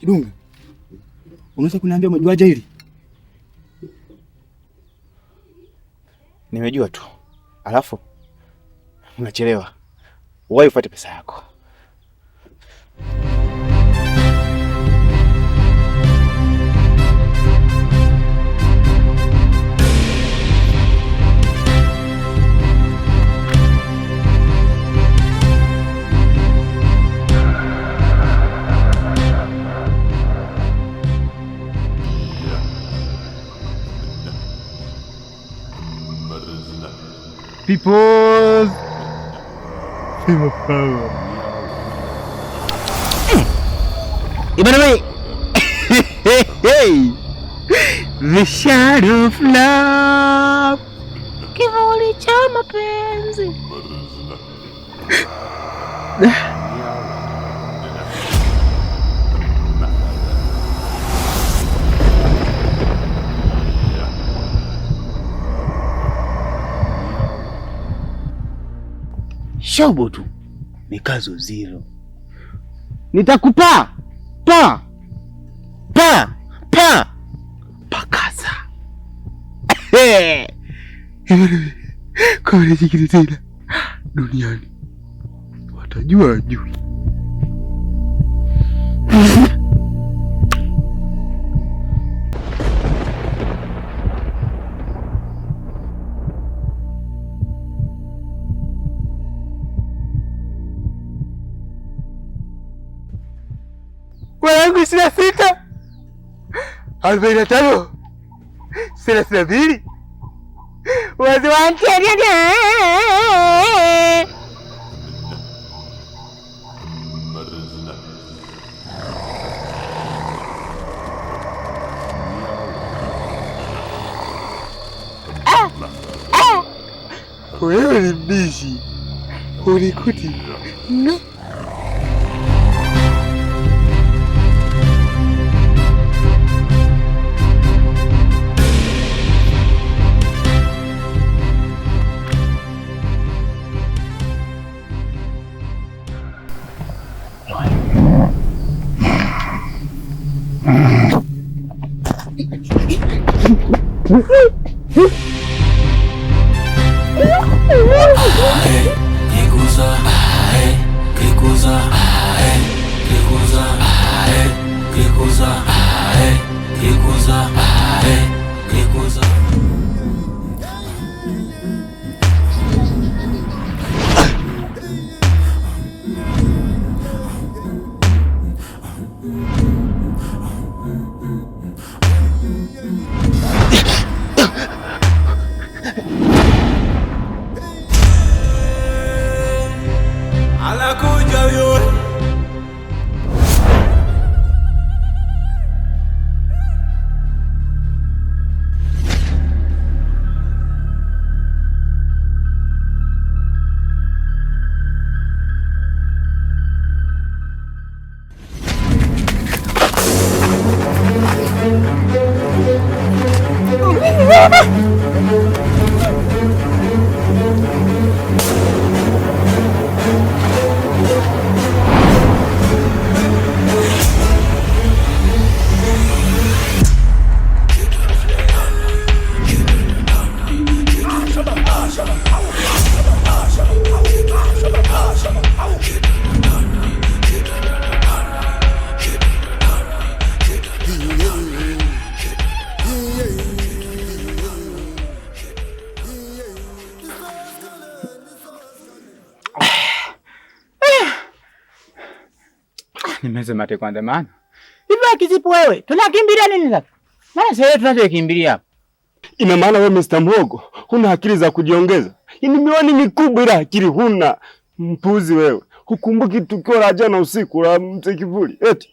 Kidunga, unaweza kuniambia umejuaje hili? Nimejua tu, alafu unachelewa. Uwahi upate pesa yako. People's People power. Ibana we. Hey. The shadow of love. Kivuli cha mapenzi. shobo tu mikazo zero. Nitakupaa pa pa pa pakasa kwa tena duniani watajua juu arobaini na tano thelathini na mbili wazi wa wewe ni mbishi ulikuti no ¡Sí! Ah! nimeze mate kwanza, maana hivyo kizipu wewe tunakimbilia nini sasa? Maana sasa tunachokimbilia hapa ina maana wewe Mr. Mwogo huna akili za kujiongeza. Ni yaani miwani mikubwa ila akili huna. Mpuzi wewe, hukumbuki tukio la jana usiku la mte Kivuli eti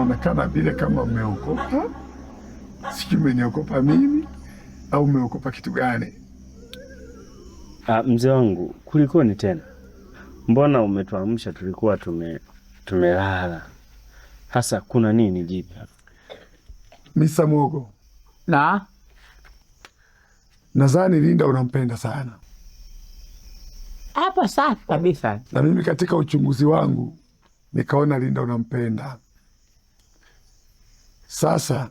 unaonekana vile kama umeokopa. Mhm. Sijui umeniokopa mimi au umeokopa kitu gani? Ah, mzee wangu, kulikoni tena? Mbona umetuamsha? Tulikuwa tume tumelala. Hasa kuna nini jipya? Misa Mogo, na nadhani Linda unampenda sana hapo. Safi kabisa. Na mimi katika uchunguzi wangu nikaona Linda unampenda sasa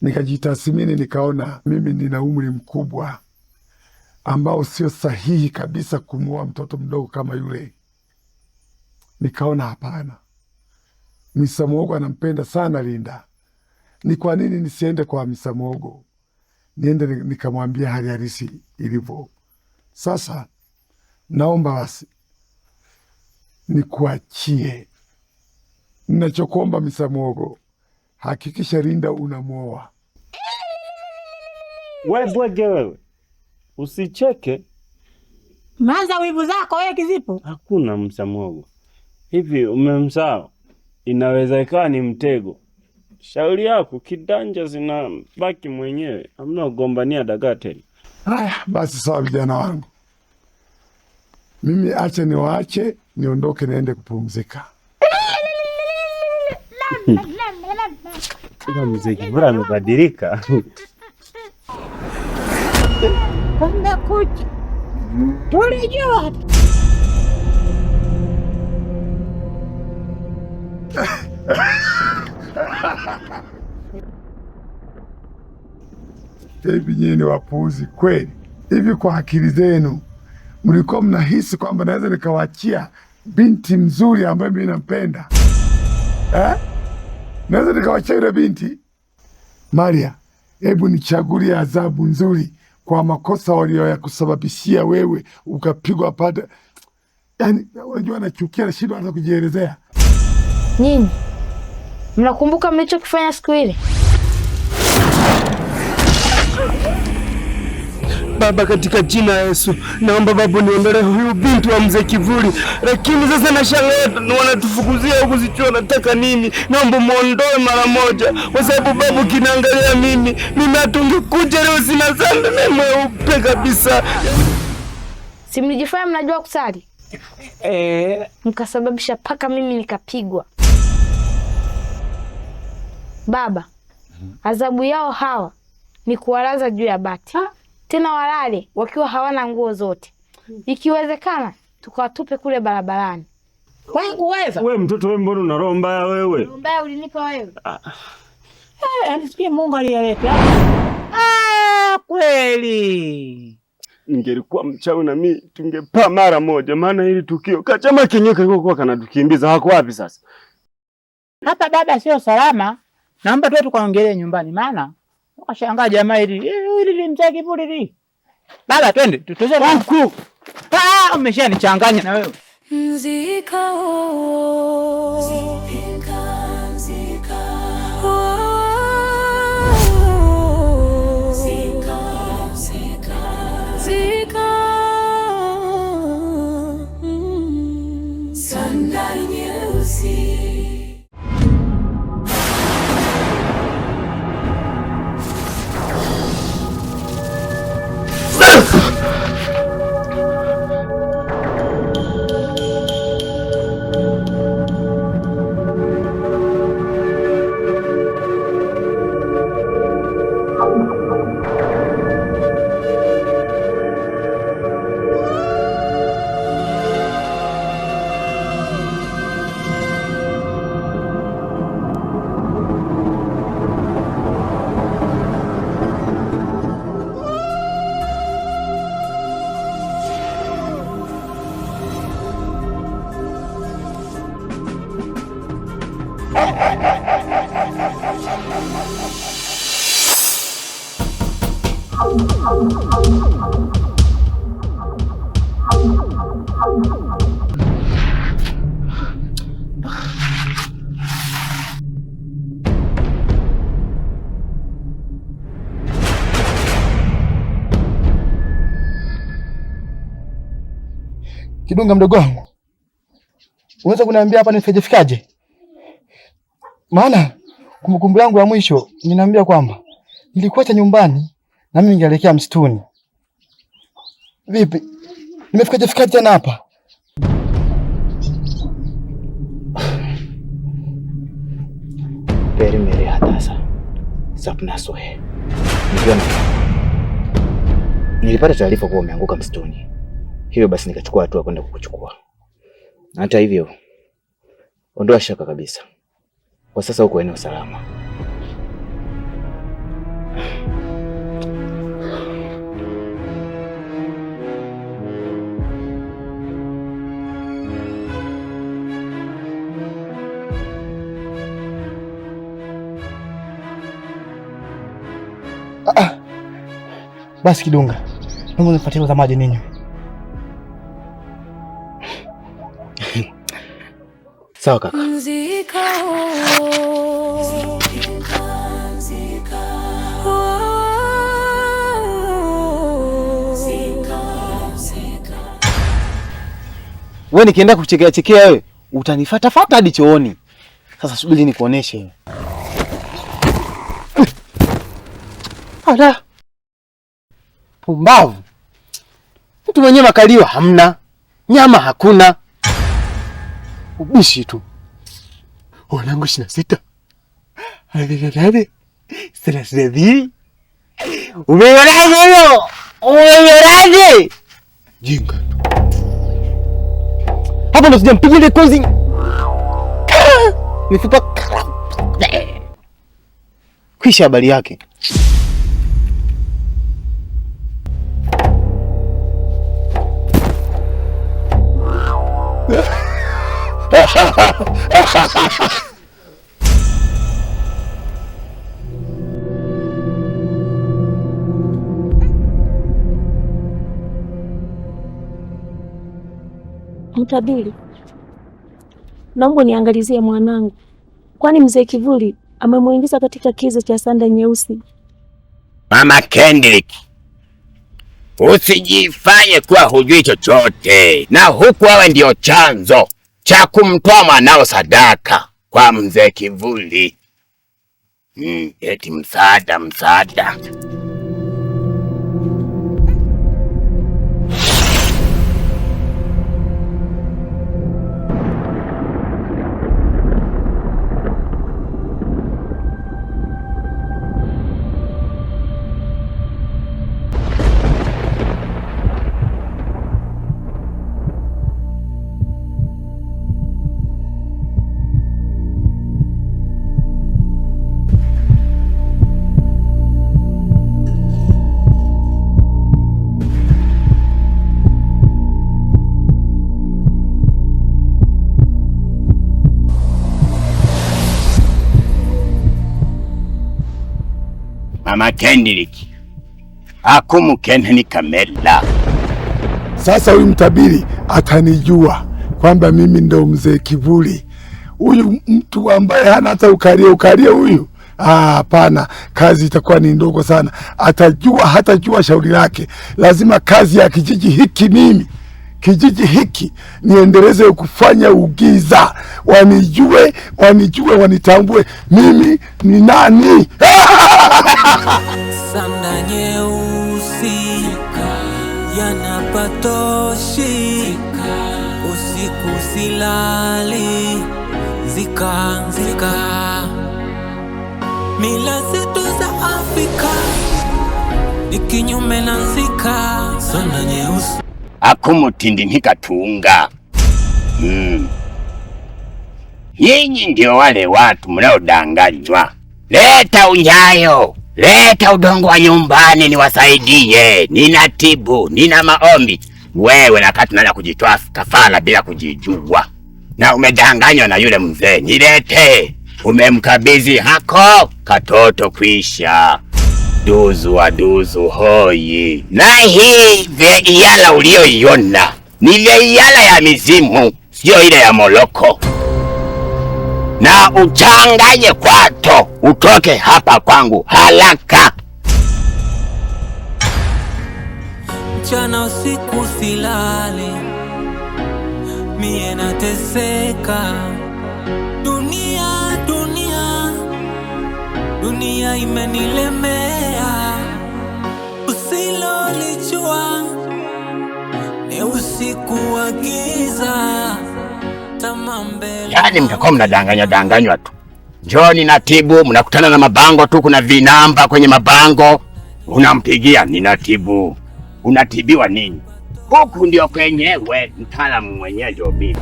nikajitathmini, nikaona mimi nina umri mkubwa ambao sio sahihi kabisa kumuoa mtoto mdogo kama yule. Nikaona hapana, Misa Mwogo anampenda sana Linda, ni kwa nini nisiende kwa Misamuogo, niende nikamwambia hali halisi ilivyo. Sasa naomba basi nikuachie, ninachokuomba Misamuogo, hakikisha Linda unamwoa. We bwege wewe, usicheke. Manza wivu zako wewe, kizipo hakuna msamogo. Hivi umemsaa Inaweza ikawa ni mtego. Shauri yako, kidanja zinabaki mwenyewe, amna kugombania dagaa tena. Haya basi, sawa vijana wangu, mimi acha niwaache niondoke, niende kupumzika Ila mzee Kivura amebadilika. Kumekucha. Tulijua. Hivi nyinyi ni wapuuzi kweli? Hivi kwa akili zenu mlikuwa mnahisi kwamba naweza nikawachia binti mzuri ambaye mimi nampenda eh? naweza nikawachia yule binti Maria, hebu nichagulie adhabu nzuri kwa makosa walioyakusababishia wewe ukapigwa pada Yani unajua, anachukia na shida, kujielezea. Nyinyi mnakumbuka mlichokifanya siku ile? Baba, katika jina ya Yesu, naomba Baba niondole huyu binti wa mzee Kivuli. Lakini sasa nashangaa wanatufukuzia huku, sijui wanataka nini. Naomba muondoe mara moja, kwa sababu babu kinaangalia mimi, mimi hatungekuja leo, sina sanda mimi mweupe kabisa. Si mlijifanya mnajua kusali eh, mkasababisha paka mimi nikapigwa. Baba, mhm. adhabu yao hawa ni kuwalaza juu ya bati ha? Ah tena walale wakiwa hawana nguo zote, ikiwezekana tukawatupe kule barabarani. Wangu wewe, mtoto we mbona una roho mbaya wewe? mbaya ulinipa wewe? Ah, eh, Mungu aliyeleta. Ah, kweli ningelikuwa mchawi na mimi tungepaa mara moja, maana hili tukio kachama kenyewe kilikuwa kanatukimbiza. Wako wapi sasa? Hapa dada, sio salama, naomba tuwe tukaongelee nyumbani maana Kashangaa jamaa hili lilimtaki eh, pulili. Baba, twende tutoze huku. Ah, umeshanichanganya na wewe. Mzika Kidunga mdogo wangu, unaweza kuniambia hapa nifikajefikaje? Maana kumbukumbu yangu ya mwisho ninaambia kwamba nilikuacha nyumbani na mimi ningeelekea msituni. Vipi, nimefikajefikaje tena hapa? peri mere sapna sohe, nilipata taarifa kuwa umeanguka msituni Hivyo basi nikachukua hatua kwenda kukuchukua. Hata hivyo, ondoa shaka kabisa, kwa sasa uko eneo salama. Ah, basi Kidunga, nifuatie za maji ninyi Sawa kaka. We nikienda kuchekea chekea wewe utanifuata fata hadi chooni. Sasa subiri nikuoneshe. Ala. Pumbavu. Mtu mwenyewe makaliwa hamna. Nyama hakuna ubishi tu. Wanangu oh, ishirini na sita nane ah, thelathini na mbili Umeionaje hiyo? Umeionaje? Jinga hapa ndo sijampiga ile kozi mifupa kwisha, eh. habari yake. Mtabiri, naomba niangalizie mwanangu, kwani mzee Kivuli amemwingiza katika kiza cha sanda nyeusi. Mama Kendrick, usijifanye kuwa hujui chochote, na huku awe ndio chanzo cha kumtoa mwanao sadaka kwa mzee Kivuli. Mm, eti msaada msaada. Kendrick. akumukene ni kamela. Sasa huyu mtabiri atanijua kwamba mimi ndo mzee kivuli. Huyu mtu ambaye hana hata ukaria ukaria huyu ah, hapana. Ah, kazi itakuwa ni ndogo sana. Atajua hatajua shauri lake, lazima kazi ya kijiji hiki mimi kijiji hiki niendeleze kufanya ugiza, wanijue wanijue wanitambue mimi ni nani. Sanda nyeusi yanapatoshi, usiku silali, zika zika mila zetu za Afrika ni kinyume na nzika. Sanda nyeusi akumutindi ntikatunga mm. Nyinyi ndio wale watu mnaodanganywa. Leta unyayo Leta udongo wa nyumbani niwasaidie, nina tibu, nina maombi. Wewe nakaa tunaenda kujitoa kafara bila kujijua, na umedanganywa na yule mzee. Nilete, umemkabidhi hako katoto kwisha duzu wa duzu hoi. Na hii vile iyala uliyoiona ni ile iyala ya mizimu, siyo ile ya moloko na uchanganye kwato, utoke hapa kwangu haraka. Mchana usiku silali, mie nateseka. Dunia, dunia, dunia imenilemea. Usilolijua ni usiku wa giza. Yaani mtakuwa mnadanganywa danganywa tu, njoni tibu, mnakutana na mabango tu, kuna vinamba kwenye mabango, unampigia ninatibu, unatibiwa nini? Huku ndio kwenyewe mtaalamu mwenyewe ndio mimi.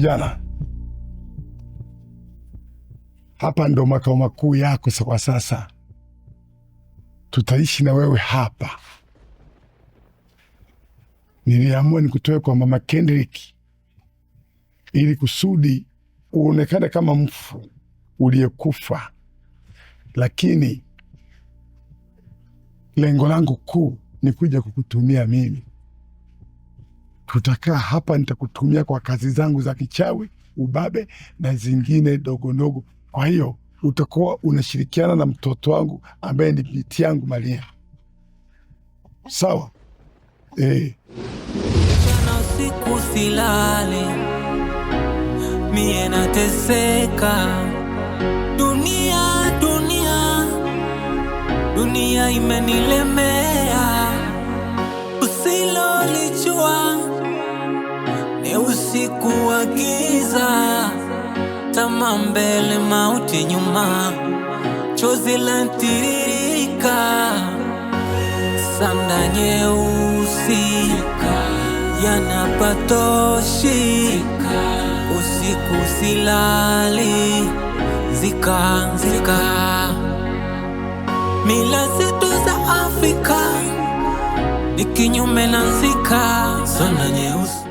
kijana, hapa ndo makao makuu yako kwa sasa. Tutaishi na wewe hapa. Niliamua nikutoe kwa mama Kendrick ili kusudi uonekane kama mfu uliyekufa, lakini lengo langu kuu ni kuja kukutumia mimi tutakaa hapa, nitakutumia kwa kazi zangu za kichawi, ubabe na zingine ndogo ndogo Kwa hiyo utakuwa unashirikiana na mtoto wangu ambaye ni binti yangu Maria, sawa? E. Eh. Mchana usiku silali, mie nateseka. Dunia, dunia, dunia imenilemea kuwa giza, tamaa mbele, mauti nyuma, chozi lantiririka, sanda nyeusi yanapatoshi, usiku silali, zika zika, mila zetu za Afrika ni kinyume na zika, sanda nyeusi